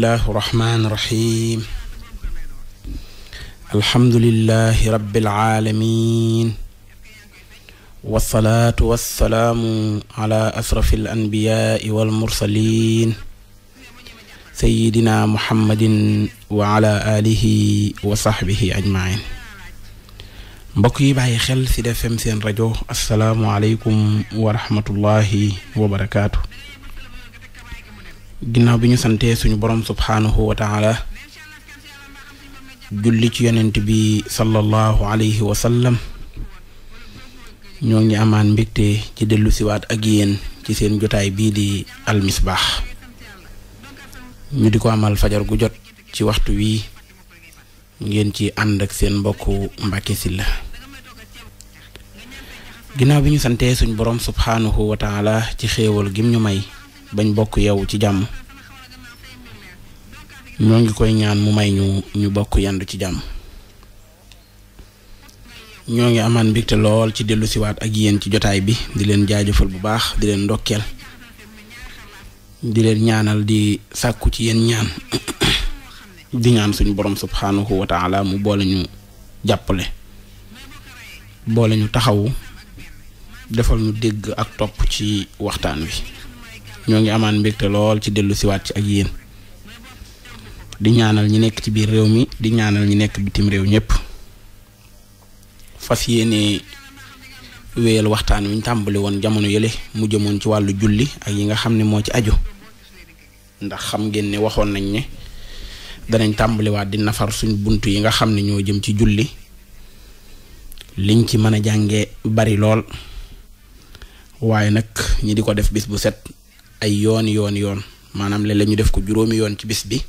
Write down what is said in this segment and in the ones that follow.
bismillahi irrahmani irrahim alhamdulilahi rabilaalamin walsalaatu walsalaamu ala asrafi alanbiyaai walmursalin sayidina muhammadin wa ala alihi wa saxbihi ajmain mbokk yi bàyyi xel ci Sud FM seen rajo asalaamualeykum wa rahmatullahi wa barakaatu ginnaaw bi ñu santee suñu borom subhaanahu wa taala julli ci yonent bi sallallahu alayhi wa sallam ñoo ngi amaan mbégte ci dellu siwaat ak yéen ci seen jotaay bii di almisbaax ñu di ko amal fajar gu jot ci waxtu wii ngeen ci ànd ak seen mbokku Mbacke Sylla ginnaaw bi ñu santee suñu borom subhaanahu wa taala ci xéewal gim ñu may bañ bokk yeewu ci jàmm ñoo ngi koy ñaan mu may ñu ñu bokk yandu ci jàmm ñoo ngi amaan mbégte lool ci dellu siwaat ak yéen ci jotaay bi di leen jaajëfal bu baax di leen ndokkeel di leen ñaanal di sàkku ci yéen ñaan di ñaan suñu borom subhaanahu wa taala mu boole ñu jàppale boole ñu taxawu defal ñu dégg ak topp ci waxtaan wi ñoo ngi amaan mbégte lool ci dellu siwaat ci ak yéen di ñaanal ñi nekk ci biir réew mi di ñaanal ñi nekk bitim réew ñépp fas yéene wéyal waxtaan wi ñu tàmbali woon jamono yële mu jëmoon ci wàllu julli ak yi nga xam ne moo ci aju ndax xam ngeen ne waxoon nañ ne danañ tàmbaliwaat di nafar suñ bunt yi nga xam ne ñoo jëm ci julli liñ ci mën a jànge bari lool waaye nag ñi di ko def bis bu set ay yoon yoon yoon maanaam léeg-léeg ñu def ko juróomi yoon ci bis bi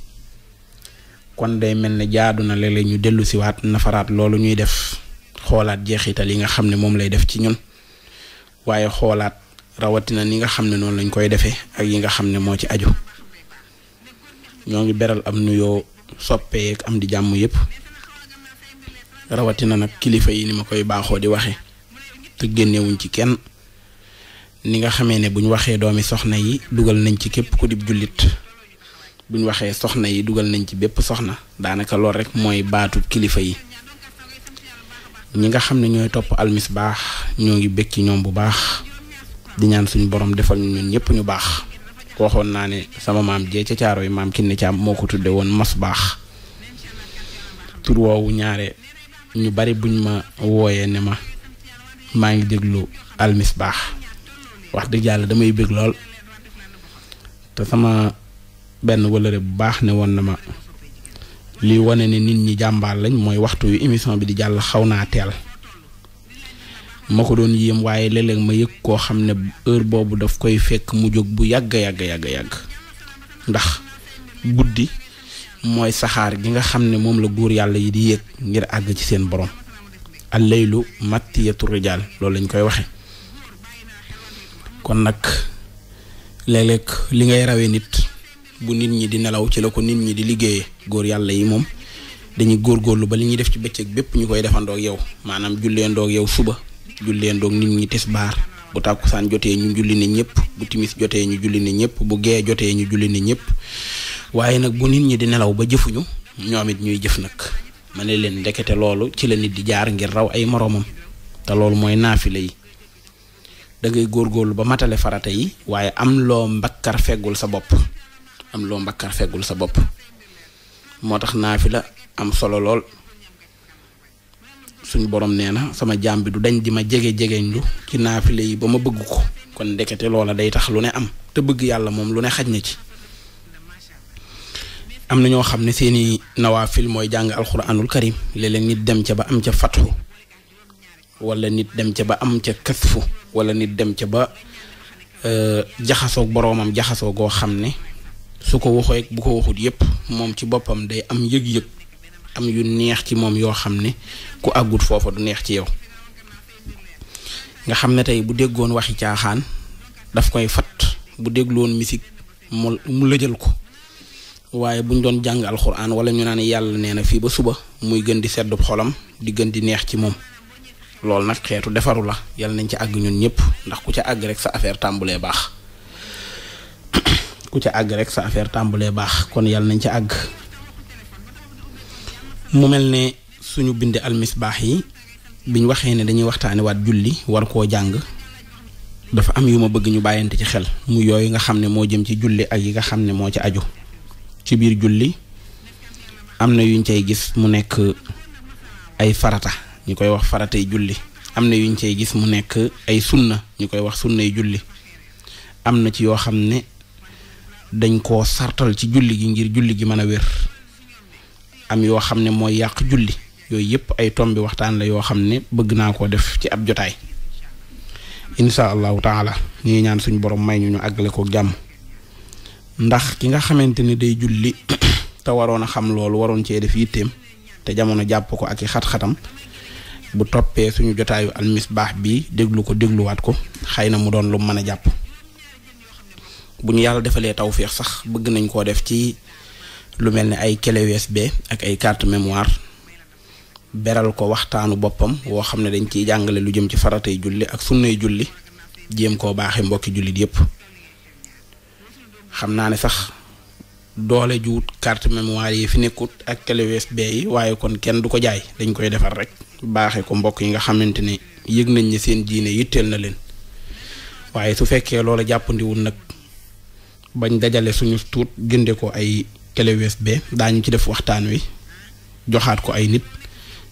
kon day mel ne jaadu na léeg ñu dellusiwaat nafaraat loolu ñuy def xoolaat jeexital yi nga xam ne moom lay def ci ñun waaye xoolaat rawatina ni nga xam ne noonu lañ koy defee ak yi nga xam ne moo ci aju ñoo ngi beral am nuyoo soppee ak am di jàmm yépp rawatina nag kilifa yi ni ma koy baaxoo di waxe te génnewuñ ci kenn ni nga xamee ne bu ñu waxee doomi soxna yi dugal nañ ci képp ku jullit bu waxee soxna yi dugal nañ ci bépp soxna daanaka lool rek mooy baatu kilifa yi ñi nga xam ne ñooy topp baax ñoo ngi bég ci ñoom bu baax di ñaan suñu borom defal ñun ñëpp ñu baax waxoon naa ne sama maam jee ca caaro yi maam kinne caam moo ko tudde woon mas baax tur woowu ñaare ñu bari buñ ma wooyee ne ma maa ngi déglu almisbaax wax dëgg yàlla damay bëgg lool te sama benn wëlëre bu baax ne woon na ma li wane ne nit ñi jàmbaar lañ mooy waxtu yu émission bi di jàll xaw naa teel ma ko doon yéem waaye léeg ma yëg koo xam ne heure boobu daf koy fekk mu jóg bu yàgg yàgg yàgg yàgg ndax guddi mooy saxaar gi nga xam ne moom la góor yàlla yi di yéeg ngir àgg ci seen borom allaylu mattiyatu rijaal loolu lañ koy waxe kon nag léeg li ngay rawee nit bu nit ñi di nelaw ci la ko nit ñi di liggéeyee góor yàlla yi moom dañuy góorlu ba li ñuy def ci bëccëg bépp ñu koy defandoog yow maanaam julleendoog yow suba julleendoog nit ñi tisbaar bu tàkkusaan jotee ñu julli ne ñëpp bu timis jotee ñu julli ne ñëpp bu gee jotee ñu julli ne ñëpp waaye nag bu nit ñi di nelaw ba jëfuñu ñoom it ñuy jëf nag ma ne leen ndekete loolu ci la nit di jaar ngir raw ay moroomam te loolu mooy naafila da góor góorlu ba matale farata yi waaye am loo mbakkar feggul sa bopp am loo mbakkar sa bopp moo tax naafila am solo lool suñ borom nee na sama jaam du dañ di ma jege jegeñ lu ci naafila yi ba ma bëgg ko kon ndekete loola day tax lu ne am te bëgg yàlla moom lu ne xaj na ci am na ñoo xam ne seeni nawaafil mooy jàng alxuraanul karim léeg-léeg nit dem ca ba am ca fatxu wala nit dem ca ba am ca kasfu wala nit dem ca ba euh, jaxasoog boroomam jaxasoo goo xam ne su ko waxee bu ko waxut yépp moom ci boppam day am yëg-yëg am yu neex ci moom yoo xam ne ku àggut foofa du neex ci yow nga xam ne tey bu déggoon waxi caaxaan daf koy fat bu dégloon misik mu mu lëjal ko waaye buñ doon jàng alxuraan wala ñu naan yàlla nee na fii ba suba muy gën di sedd xolam di gën di neex ci moom loolu nag xeetu defaru la yal nañ ci àgg ñun ñëpp ndax ku ca àgg rek sa affaire tàmbulee baax ku ca àgg rek sa affaire tàmbulee baax kon yal nañ ci àgg mu mel ne suñu binde almisbaax yi biñ waxee ne dañuy waxtaane waat julli war koo jàng dafa am yu ma bëgg ñu bàyyante ci xel mu yooyu nga xam ne moo jëm ci julli ak yi nga xam ne moo ci aju ci biir julli am na yuñ cay gis mu nekk ay farata ñu koy wax faratay julli am na yuñ cey gis mu nekk ay sunna ñu koy wax sunnay julli am na ci yoo xam ne dañ koo sartal ci julli gi ngir julli gi mën a wér am yoo xam ne mooy yàq julli yooyu yëpp ay tombi waxtaan la yoo xam ne bëgg naa koo def ci ab jotaay insha allahu taala ñu ngi ñaan suñu borom may ñu ñu àggale ko jàmm ndax ki nga xamante ni day julli te waroon a xam loolu waroon cee def yitteem te jamono jàpp ko ak i xat-xatam bu toppee suñu jotaayu baax bi déglu ko dégluwaat ko xëy na mu doon lu mën a jàpp bu ñu yàlla defalee tawféex sax bëgg nañ koo def ci lu mel ni ay clé be ak ay carte mémoire beral ko waxtaanu boppam woo xam ne dañ ciy jàngale lu jëm ci faratay julli ak sunnay julli jéem koo baaxee mbokki jullit yépp xam naa ne sax doole ju carte mémoire yi fi nekkut ak clé USB waaye kon kenn du ko jaay dañ koy defar rek baaxee ko mbokk yi nga xamante ne yëg nañ ne seen diine yitteel na leen waaye su fekkee loola jàppandiwul nag bañ dajale suñu tuut jënde ko ay clé USB daañu ci def waxtaan wi joxaat ko ay nit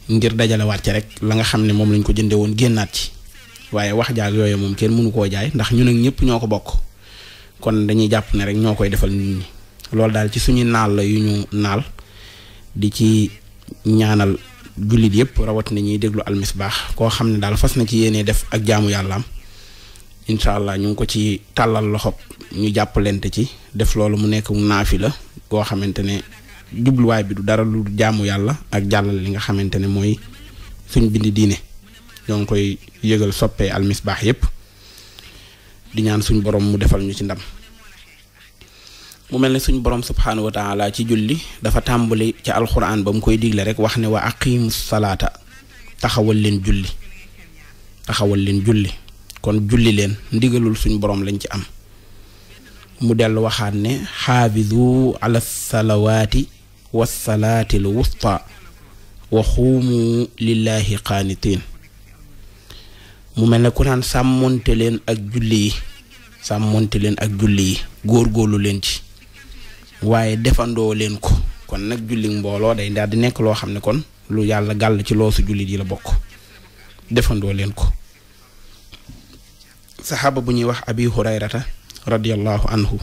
ngir dajalewaat ci rek la nga xam ne moom lañ ko jënde woon génnaat ci waaye wax jaag yooyu moom kenn mënu koo jaay ndax ñun ak ñëpp ñoo ko bokk kon dañuy jàpp ne rek ñoo koy defal nit ñi loolu daal ci suñu naal la yu ñu naal di ci ñaanal jullit yëpp rawat na ñuy déglu almisbaax koo xam ne daal fas na ci yéenee def ak jaamu am incha allah ñu ngi ko ci tàllal loxo ñu jàpp lent ci def loolu mu nekk mu naafi la koo xamante ne jubluwaay bi du dara lu jaamu yàlla ak jàllal li nga xamante ne mooy suñ bind diine ñoo ngi koy yëgal soppee almisbaax yëpp di ñaan suñ borom mu defal ñu ci ndam mu mel ne suñ borom subhaanahu wa taala julli dafa tàmbali ci alxuraan ba koy digle rek wax ne wa aqimu salaata taxawal leen julli taxawal leen julli kon julli leen ndigalul suñ borom lañ ci am mu dellu waxaat ne xaafizu ala salawaati wasalaatil wusta wa mu mel ne ku naan sàmmoonte leen ak julli yi sàmmonte leen ak julli yi góorgóorlu leen ci waaye defandoo leen ko kon nag julli mbooloo day daal di nekk loo xam ne kon lu yàlla gàll ci loosu jullit yi la bokk defandoo leen ko saxaaba bu ñuy wax abi hurayrata radiallahu anhu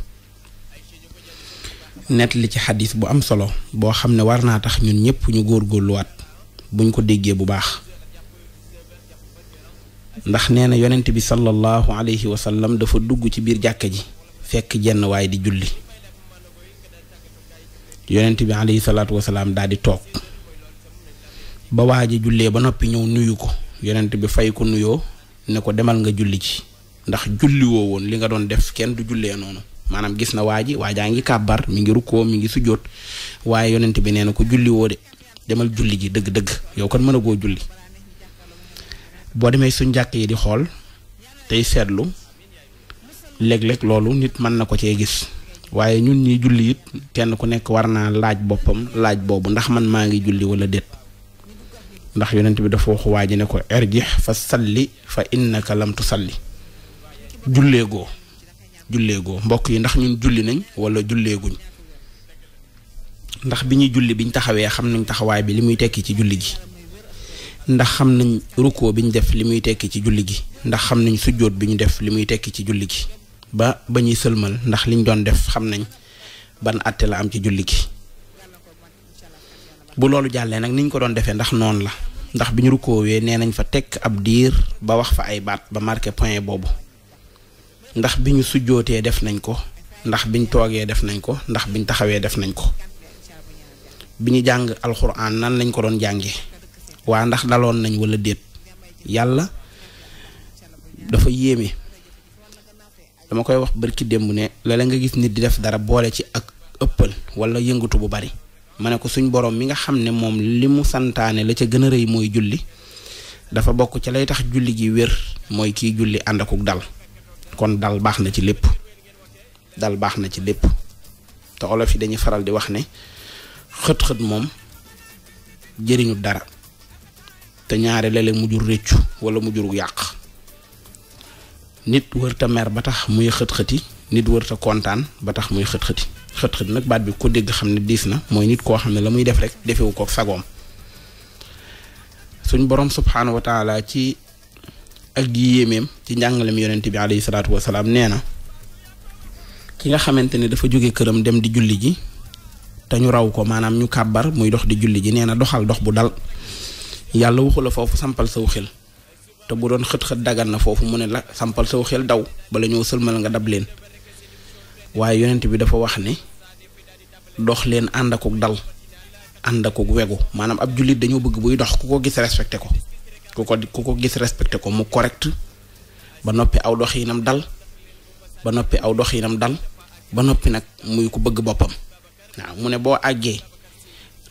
net li ci xadiis bu am solo boo xam ne war naa tax ñun ñëpp ñu góor góorgóorluwaat buñ ko déggee bu baax ndax nee na yonent bi sallallahu alayhi wa sallam dafa dugg ci biir jàkka ji fekk jenn waay di julli yonent bi alayhi salaatu wasalaam daal di toog ba waa ji jullee ba noppi ñëw nuyu ko yonent bi fay ko nuyoo ne ko demal nga julli ci ndax julli woo woon li nga doon def kenn du jullee noonu maanaam gis na waa ji waa jaa ngi kàbbar mi ngi rukkoo mi ngi sujjóot waaye yonent bi nee na ko julli woo de demal julli ji dëgg-dëgg yow kon mën a julli boo demee suñ jàkk yi di xool tey seetlu léeg-léeg loolu nit mën na ko cee gis waaye ñun ñi julli yit kenn ku nekk war naa laaj boppam laaj boobu ndax man maa ngi julli wala déet ndax yonent bi dafa wax waa ji ne ko erjix fa salli fa innaka lam tusalli julleegoo julleegoo mbokk yi ndax ñun julli nañ wala julleeguñ ndax bi ñuy julli biñ taxawee xam nañ taxawaay bi li muy tekki ci julli gi ndax xam nañ rukkoo bi ñu def li muy tekki ci julli gi ndax xam nañ sujjóot bi ñu def li muy tekki ci julli gi ba ba ñuy sëlmal ndax liñ doon def xam nañ ban àtte la am ci julli gi bu loolu jàllee nag niñ ko doon defee ndax noonu la ndax bi ñu rukoowee nee nañ fa tekk ab diir ba wax fa ay baat ba marqué point boobu ndax bi ñu sujjootee def nañ ko ndax biñ toogee def nañ ko ndax biñ taxawee def nañ ko bi ñu jàng alxuraan nan lañ ko doon jànge waa ndax daloon nañ wala déet yàlla dafa yéeme. dama koy wax barki démb ne la nga gis nit di def dara boole ci ak ëppal wala yëngatu bu bari ma ne ko suñ boroom mi nga xam ne moom li mu santaane la ca gën a rëy mooy julli dafa bokk ca lay tax julli gi wér mooy kii julli ànd akuk dal kon dal baax na ci lépp dal baax na ci lépp te olof yi dañuy faral di wax ne xët-xët moom jëriñu dara te ñaare léeg-léeg mu jur réccu wala mu jurug yàq nit wërta mer ba tax muy xët-xëti nit wërta kontaan ba tax muy xët-xëti xët-xëti nag baat bi ko dégg xam ne diis na mooy nit koo xam ne la muy def rek defewu ko sagoom suñ borom subxanahu wa ci ak yéemeem ci njàngalem yonent bi alayhi salaatu wa salaam nee na ki nga xamante ni dafa jóge këram dem di julli ji te ñu raw ko maanaam ñu kàbbar muy dox di julli ji nee na doxal dox bu dal yàlla waxu foofu sampal saw xel. te bu doon xët-xët dagan na foofu mu ne la sampal saw xel daw bala ñëw sëlmal nga dab leen waaye yonent bi dafa wax ne dox leen ànd akuk dal ànd akuk wegu maanaam ab jullit dañoo bëgg buy dox ku ko gis respecté ko ku ko ku ko gis respecté ko mu correct ba noppi aw doxinam dal ba noppi aw doxinam dal ba noppi nag muy ku bëgg boppam waaw mu ne boo àggee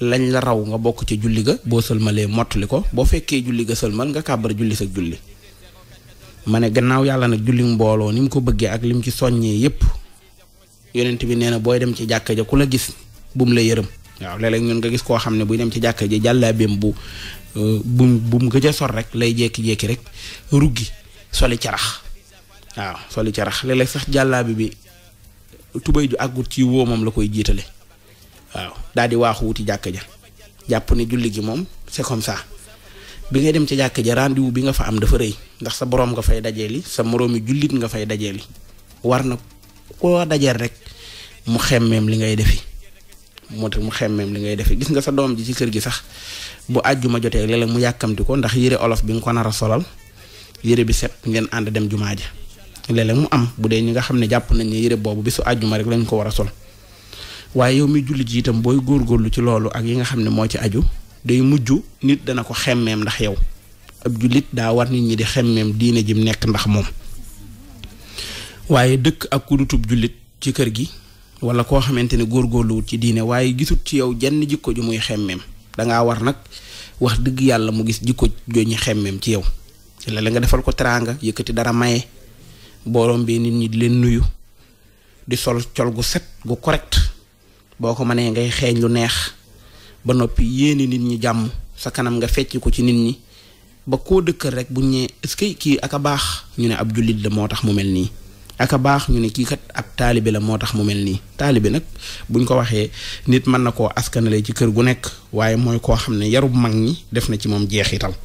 lañ la raw nga bokk ci julli ga boo sëlmalee mottali ko boo fekkee julli ga sëlmal nga kàbbar julli sa julli ma ne gannaaw yàlla nag julli mbooloo ni mu ko bëggee ak lim ci soññee yépp yonent bi nee na booy dem ci jàkka ja ku la gis bum la yërëm waaw léeg-léeg ñun nga gis koo xam ne buy dem ci jàkka ja jàllaabeem bu euh, bum bum gëj a sor rek lay jékki-jékki rek ruggi soli carax waaw soli carax léeg sax jàllaabi bi tubay ju àggut ci wóomam la koy jiitale daal di waaxu wuti jàkk ja jàpp ne julli gi moom c'est comme bi ngay dem ca jàkk ja rendez bi nga fa am dafa rëy ndax sa boroom nga fay dajee li sa moroomi jullit nga fay dajee li war na koo dajeel rek mu xemmeem li ngay defi moo tax mu xemmeem li ngay defi gis nga sa doom ji ci kër gi sax bu àjjuma jotee léeg mu yàkkamti ko ndax yére olof bi nga ko nar a solal yére bi set ngeen ànd dem jumaa ja léeg mu am bu dee ñi nga xam ne jàpp nañ ne yére boobu bi su àjjuma rek lañu ko war a sol waaye yow mi jullit ji itam booy góorlu ci loolu ak yi nga xam ne moo ci aju day mujj nit dana ko xemmeem ndax yow ab jullit daa war nit ñi di xemmeem diine jim nekk ndax moom waaye dëkk ak kudutub jullit ci kër gi wala koo xamante ne góorgóorluwut ci diine waaye gisut ci yow jenn jikko ju muy xemmeem dangaa war nag wax dëgg yàlla mu gis jikko joñu xemmeem ci yow ci la la nga defal ko teraanga yëkkati dara maye borom bi nit ñi di leen nuyu di sol col gu set boo ko mënee ngay xeeñ lu neex ba noppi yéene nit ñi jàmm sa kanam nga fecc ko ci nit ñi ba koo dëkkal rek bu ñee est-ce kii ak a baax ñu ne ab jullit la moo tax mu mel nii ak a baax ñu ne kii kat ab taalibe la moo tax mu mel nii taalibe nag buñ ko waxee nit mën na koo askanale ci kër gu nekk waaye mooy koo xam ne yarub mag ñi def na ci moom jeexital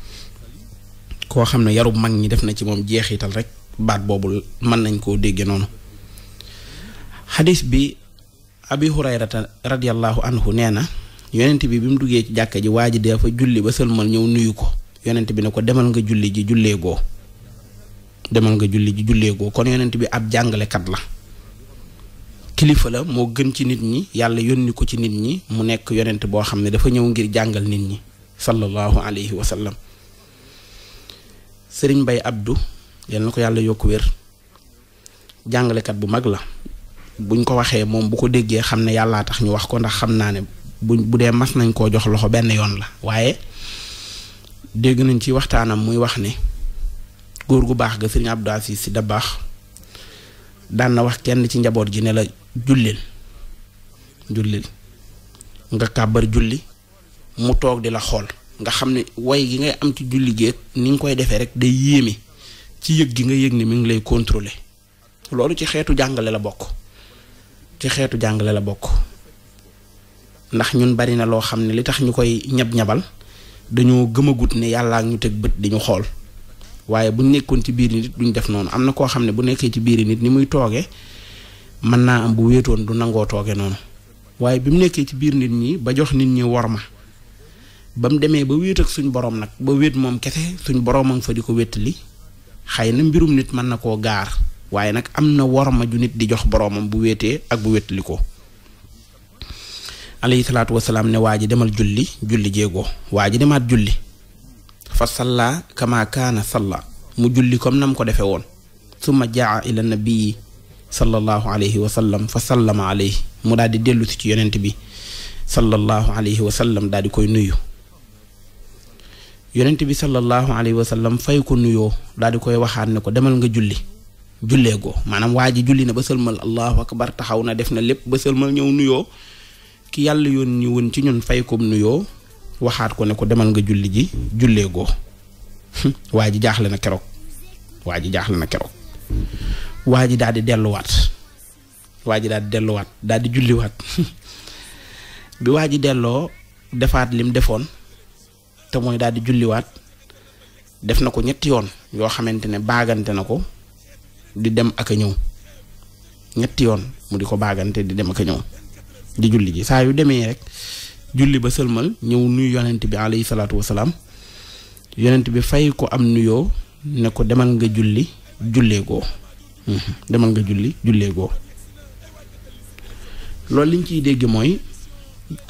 koo xam ne yarub mag ñi def na ci moom jeexital rek baat boobul mën nañ koo dégge noonu abi hurayrata radiallahu anhu nee na yonent bi bi mu duggee ci jàkka ji waa ji fa julli ba sëlmal ñëw nuyu ko yonent bi ne ko demal nga julli ji julleegoo demal nga julli ji julleegoo kon yonent bi ab jàngalekat la kilifa la moo gën ci nit ñi yàlla yónni ko ci nit ñi mu nekk yonent boo xam ne dafa ñëw ngir jàngal nit ñi sallallahu alayhi wa sallam sëriñ Mbay Abdu yal na ko yàlla yokk wér jàngalekat bu mag la buñ ko waxee moom bu ko déggee xam ne yàllaa tax ñu wax ko ndax xam naa ne buñ bu dee mas nañ koo jox loxo benn yoon la waaye dégg nañ ci waxtaanam muy wax ne góor gu baax ga sëriñ Abdou Aziz da baax daan na wax kenn ci njaboot gi ne la jullil jullil nga kàbbar julli mu toog di la xool nga xam ne way gi ngay am ci julli géeg ni nga koy defee rek day yéeme ci yëg gi nga yëg ni mi ngi lay contrôler loolu ci xeetu jàngale la bokk ci xeetu jàngale la bokk ndax ñun bari na loo xam ne li tax ñu koy ñab-ñabal dañoo gëmagut ne yàllaa ñu teg bët di ñu xool waaye bu nekkoon ci biir nit duñ def noonu am na koo xam ne bu nekkee ci biir nit ni muy tooge mën naa am bu wéetoon du nangoo tooge noonu waaye bi mu nekkee ci biir nit ñi ba jox nit ñi worma ba mu demee ba wéet ak suñ borom nag ba wéet moom kese suñ boroomam fa di ko wéttali xëy na mbirum nit mën na koo gaar waaye nag am na worma ju nit di jox boroomam bu wéetee ak bu wétali ko alayhi salaatu wasalaam ne waa ji demal julli julli jéego waa ji demaat julli fa salla kama kaana salla mu julli comme nam ko defe woon summa jaa ila nabii sallallahu alayhi wa sallam fa sallama alayhi mu daal di dellu ci yonent bi sallallahu alayhi wa sallam daal di koy nuyu yonent bi sallallahu alayhi wa sallam fay ko nuyoo daal di koy waxaat ne ko demal nga julli julleegoo maanaam waa ji julli na ba sëlmal allahu akbar taxaw na def na lépp ba sëlmal ñëw nuyoo ki yàlla yónni woon ci ñun fay ko nuyoo waxaat ko ne ko demal nga julli ji julleegoo waa ji jaaxle na keroog waa ji jaaxle na keroog waa ji daal di delluwaat waa ji daal di delluwaat daal di julliwaat bi waa ji delloo defaat lim defoon te mooy daal di julliwaat def na ko ñetti yoon yoo xamante ne baagante na ko di dem ak ñëw ñetti yoon mu di ko baagante di dem ak ñëw di julli ji saa yu demee rek julli ba sëlmal ñëw nuyu yonent bi alayhi salaatu wasalaam yonent bi fay ko am nuyoo ne ko demal nga julli jullee goo mhm. demal nga julli jullee loolu liñ ciy dégg mooy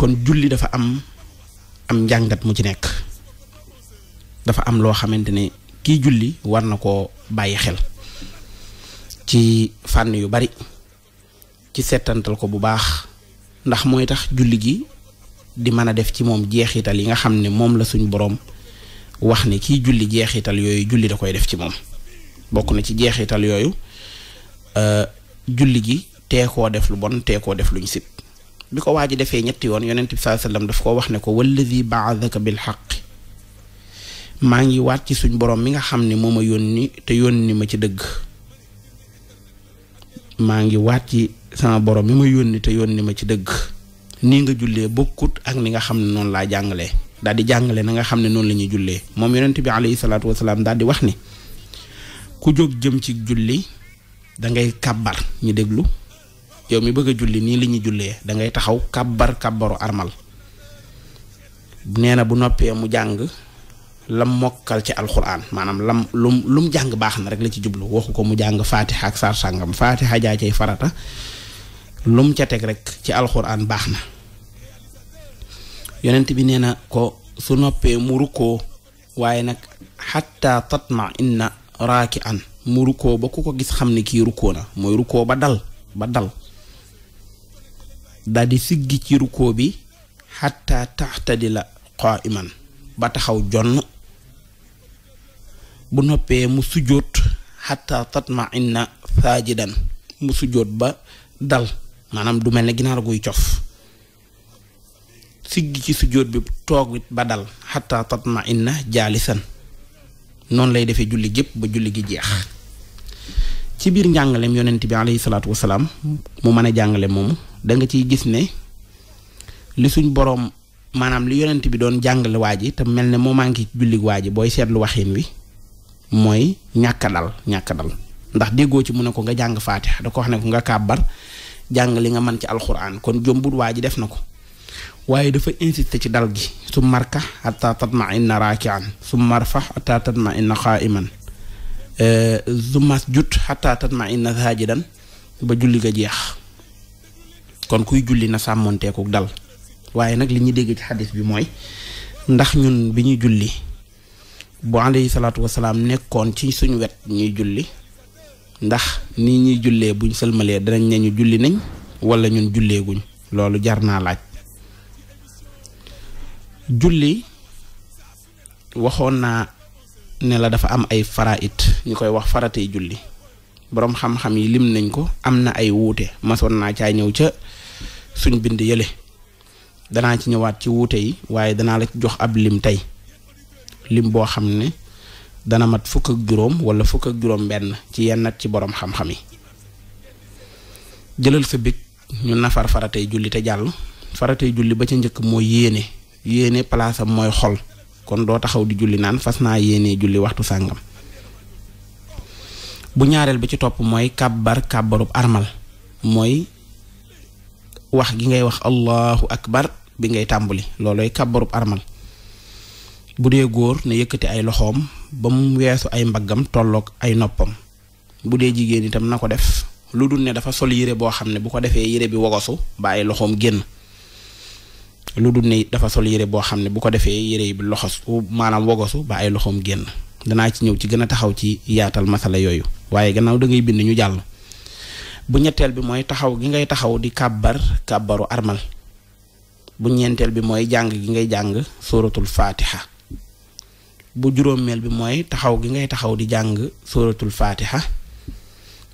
kon julli dafa am am njàngat mu ci nekk dafa am loo xamante ne kii julli war na koo bàyyi xel ci fànn yu bari ci setantal ko bu baax ndax mooy tax julli gi di mën a def ci moom jeexital yi nga xam ne moom la suñ boroom wax ni kiy julli jeexital yooyu julli da koy def ci moom bokk na ci jeexital yooyu euh, julli gi tee koo def lu bon tee koo def luñ sib bi ko waa ji defee ñetti yoon yonent bi sallallahu alayhi wasallam daf ko wax ne ko wallazi ba'athaka bil haqq maa ngi waat ci suñ boroom mi nga xam ne moo ma yónni te yónni ma ci dëgg maa ngi waat ci sama borom mi ma yónni te yónni ma ci dëgg nii nga jullee bokkut ak ni nga xam ne noonu laa jàngalee daal di jàngale na nga xam ne noonu la ñuy jullee moom yonent bi alayhi salaatu wasalaam daal wax ni ku jóg jëm ci julli da ngay kàbbar ñu déglu yow mi bëgg a julli nii li ñuy jullee da ngay taxaw kàbbar kàbbaru armal nee na bu noppee mu jàng lam mokkal ci alxuraan maanaam lam lum lu mu jàng baax na rek la ci jublu waxu ko mu jàng faatixa ak saar sàngam faatixa jaa cay farata lum ca teg rek ci alxuraan baax na yonent bi nee na ko su noppee mu rukkoo waaye nag xatta tatma inna raaki an mu rukkoo ba ku ko gis xam ne kii rukkoo na mooy rukkoo ba dal ba dal siggi ci rukkoo bi xatta taxtadi la qaa iman ba taxaw jonn bu noppee mu sujjóot xataa tatma inna saajidan mu sujjóot ba dal maanaam du mel ne ginaar guy cof siggi ci sujjóot bi toog ba dal xataa tatma inna jaalisan noonu lay defee julli gépp ba julli gi jeex ci biir njàngaleem yonent bi alayhi salaatu wasalaam mu mën a jàngale moomu danga ciy gis ne li suñ boroom maanaam li yonent bi doon jàngale waa ji te mel ne moo manqué julli waa ji booy seetlu waxin wi mooy ñàkk dal ñàkk dal ndax déggoo ci mu ne ko nga jàng faate da ko wax ne ko nga kàbbar jàng li nga man ci alxuraan kon jombut waa ji def na ko waaye dafa insisté ci dal gi su marka hatta tatma inna raakian su marfa hatta tatma inna xaaiman su mas jut hatta tatma inna saajidan ba julli nga jeex kon kuy julli na sàmmonteeku dal waaye nag li ñu dégg ci xadis bi mooy ndax ñun bi ñu julli bu alayhi salaatu wasalaam nekkoon ci suñu wet ñuy julli ndax ni ñuy jullee buñ sëlmalee danañ ñu julli nañ wala ñun julleeguñ loolu jar naa laaj julli waxoon naa ne la dafa am ay faraait ñu koy wax faratay julli boroom xam-xam yi lim nañ ko am na ay wuute masoon naa caa ñëw ca suñ bind yële danaa ci ñëwaat ci wuute yi waaye danaa la jox ab lim tey lim boo xam ne dana mat fukk ak juróom wala fukk ak juróom benn ci yenn ci boroom xam-xam yi jëlal sa big ñu nafar faratay julli te jàll faratay julli ba ca njëkk mooy yéene yéene palaasam mooy xol kon doo taxaw di julli naan fas naa yéene julli waxtu sàngam bu ñaareel bi ci topp mooy kàbbar kàbbarub armal mooy wax gi ngay wax allahu akbar bi ngay tàmbuli looloy kàbbarub armal bu dee góor na yëkkati ay loxoom ba mu weesu ay mbaggam tolloog ay noppam bu dee jigéen itam na ko def lu dul ne dafa sol yére boo xam ne bu ko defee yére bi wogosu ba ay loxoom génn lu dul ne dafa sol yére boo xam ne bu ko defee yére bi loxosu maanaam wogosu ba ay loxoom génn danaa ci ñëw ci gën a taxaw ci yaatal masala yooyu waaye gannaaw da bind ñu jàll bu ñetteel bi mooy taxaw gi ngay taxaw di kàbbar kàbbaru armal bu ñeenteel bi mooy jàng gi ngay jàng suratul fatiha bu juróomeel bi mooy taxaw gi ngay taxaw di jàng sóoratul faatiha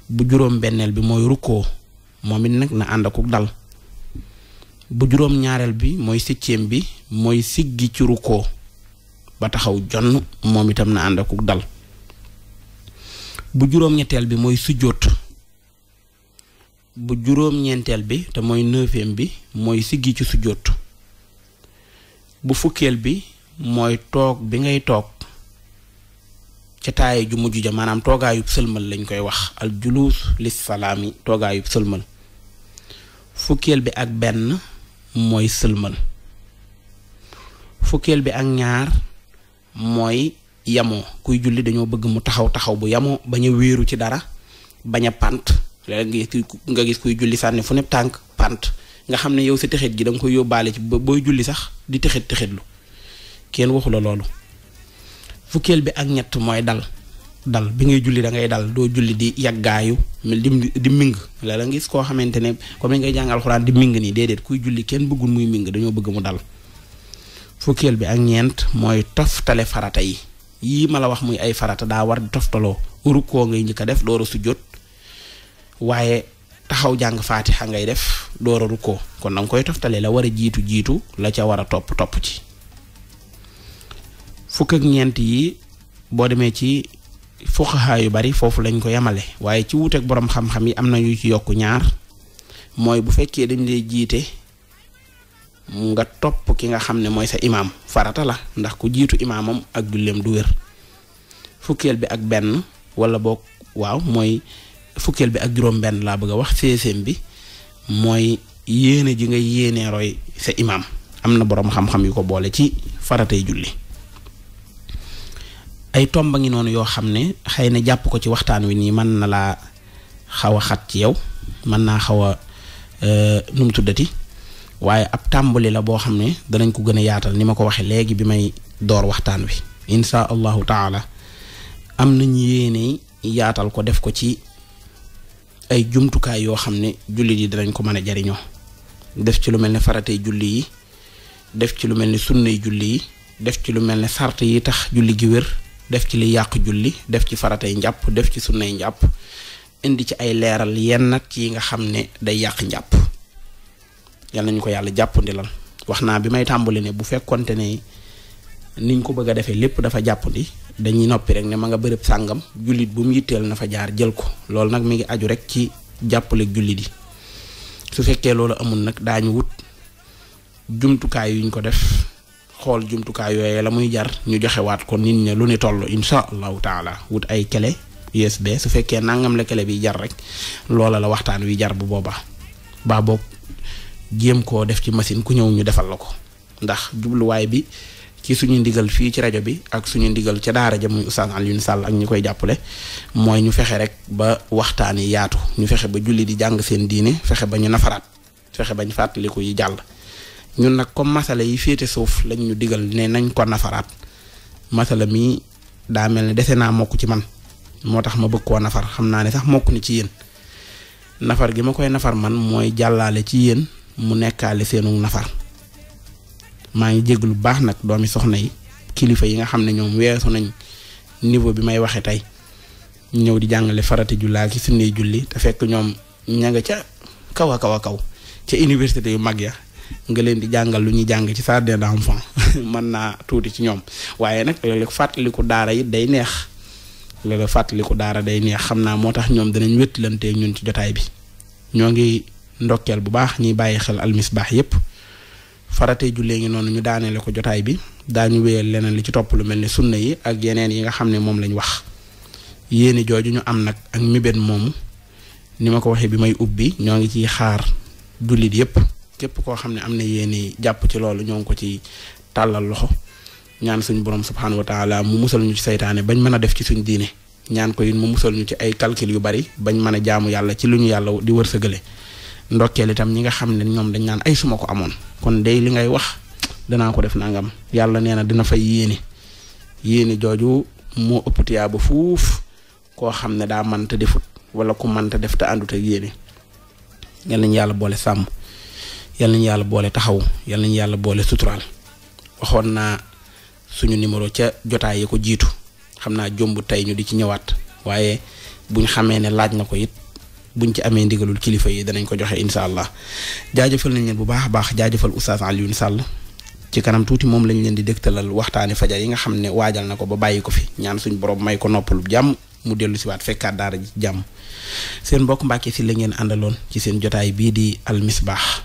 bu juróom benneel bi mooy rukkoo moom it nag na ànd akuk dal bu juróom ñaareel bi mooy septième ba taxaw jonn moom na ànd dal bu juróom ñetteel bi mooy sujjóot bu juróom ñeenteel bi te mooy neuvième bi mooy siggi ci sujjóot bu fukkeel bi mooy toog bi ngay toog ca taaye ju mujj ja maanaam toogaayub sëlmal lañ koy wax al julus lis salaami toogaayub sëlmal fukkeel bi ak benn mooy sëlmal fukkeel bi ak ñaar mooy yamoo kuy julli dañoo bëgg mu taxaw taxaw bu yamoo bañ a wéeru ci dara bañ a pant léeg nga gis kuy julli sànni fu ne tànk pant nga xam ne yow sa texit gi da nga koy yóbbaale booy julli sax di texit texitlu kenn waxu la loolu fukkeel bi ak ñett mooy dal dal bi ngay julli da ngay dal doo julli di yàggaayu di di ming la la ngis koo xamante ne comme ni ngay jàngal alxuraan di ming nii déedéet kuy julli kenn bëggul muy ming dañoo bëgg mu dal fukkeel bi ak ñeent mooy toftale farata yi yii ma la wax muy ay farata daa war di toftaloo urukoo ngay njëkk a def doora a sujjóot waaye taxaw jàng faatixa ngay def door a rukkoo kon danga koy toftalee la war a jiitu jiitu la ca war a topp topp ci fukk ak ñeent yi boo demee ci fuqaha yu bari foofu lañ ko yemale waaye ci wuuteeg boroom xam-xam yi am na yu ci yokk ñaar mooy bu fekkee dañ lay jiite nga topp ki nga xam ne mooy sa imaam farata la ndax ku jiitu imaamam ak julleem du wér fukkeel bi ak benn walla boog waaw mooy fukkeel bi ak juróom-benn laa bëgg a wax seeseem bi mooy yéene ji nga yéenee roy sa imaam am na boroom xam-xam yu ko boole ci faratay julli. ay tomba ngi noonu yoo xam ne xëy na jàpp ko ci waxtaan wi nii mën na laa xaw a xat ci yow mën naa xaw a euh, nu mu tuddati waaye ab tàmbali la boo xam ne danañ ko gën a yaatal ni ma ko waxee léegi bi may door waxtaan wi insha allahu taala am nañu yéene yaatal ko def ko ci ay jumtukaay yoo xam ne jullit yi danañ ko mën a jariñoo def ci lu mel ni faratay julli yi def ci lu mel ni sunnay julli yi def ci lu mel ni sart yi tax julli gi wér def ci li yàq julli def ci faratay njàpp def ci sunnay njàpp indi ci ay leeral yenn ci yi nga xam ne day yàq njàpp yal nañu ko yàlla jàppandi lan wax naa bi may tàmbali ne bu fekkoonte ne niñ ko bëgg a defee lépp dafa jàppandi dañuy noppi rek ne ma nga bërëb sàngam jullit bu mu yitteel na fa jaar jël ko loolu nag mi ngi aju rek ci jàppale jullit yi su fekkee loolu amul nag daañu wut jumtukaay yuñ ko def xool jumtukaay yooyee la muy jar ñu joxewaat ko nit ñi lu ni toll insha allahu taala wut ay clé USB su fekkee nangam la kele bi jar rek loola la waxtaan wi jar bu boobaa baa boog jéem koo def ci machine ku ñëw ñu defal la ko ndax jubluwaay bi ci suñu ndigal fii ci rajo bi ak suñu ndigal ca daara ja muy Oustaz Alioune Sall ak ñu koy jàppale mooy ñu fexe rek ba waxtaan yi yaatu ñu fexe ba julli di jàng seen diine fexe ba ñu nafaraat fexe bañ fàttaliku yi jàll ñun nag comme masala yi féete suuf lañ ñu digal ne nañ ko nafaraat masala mii daa mel ne dese naa mokk ci man moo tax ma bëgg koo nafar xam naa ne sax mokk ni ci yéen nafar gi ma koy nafar man mooy jàllaale ci yéen mu nekkaale seenu nafar maa ngi jéglu baax nag doomi soxna yi kilifa yi nga xam ne ñoom weesu nañ niveau bi may waxe tey ñëw di jàngale farate jullaa ki sunnee julli te fekk ñoom ña nga ca kaw a kaw a kaw ca université yu mag ya nga leen di jàngal lu ñuy jàng ci jardin d'enfants mën naa tuuti ci ñoom waaye nag léeg fàttaliku daara yi day neex léeg fàttaliku daara day neex xam naa moo tax ñoom danañ wéttalantee ñun ci jotaay bi ñoo ngi ndokkeel bu baax ñuy bàyyi xel baax yépp farate jullee ngi noonu ñu daaneele ko jotaay bi daañu wéyal leneen li ci topp lu mel ni sunna yi ak yeneen yi nga xam ne moom lañ wax yéeni jooju ñu am nag ak mibét moomu ni ma ko waxee bi may ubbi ñoo ngi ciy xaar jullit yépp képp koo xam ne am na yéeni jàpp ci loolu ñoo ngi ko ci tàllal loxo ñaan suñ borom subhaanahu wa mu musal ñu ci saytaane bañ mën a def ci suñ diine ñaan ko mu musal ñu ci ay calcul yu bari bañ mën a jaamu yàlla ci lu ñu yàlla di wër wërsëgale ndokkeel itam ñi nga xam ne ñoom dañ naan ay suma ko amoon kon day li ngay wax danaa ko def nangam yàlla nee na dina fay yéene yéeni jooju moo ëpp tiyaa fuuf koo xam ne daa mënta defut wala ku mënta def te àndut ak yéene yal nañu yàlla boole sàmm yal nañu yàlla boole taxaw yal nañu yàlla boole suturaal waxoon naa suñu numéro ca jotaay yi ko jiitu xam naa jomb tey ñu di ci ñëwaat waaye buñ xamee ne laaj na ko it buñ ci amee ndigalul kilifa yi danañ ko joxe incha allah jaajëfal nañ leen bu baax a baax jaajëfal oustaz Alioune sàll ci kanam tuuti moom lañ leen di dégtalal waxtaani fajar yi nga xam ne waajal na ko ba bàyyi ko fi ñaan suñ borom may ko noppalu jàmm mu dellu fekkaat daara jàmm seen mbokk Mbàkke si la ngeen àndaloon ci seen jotaay bii di Al Misbah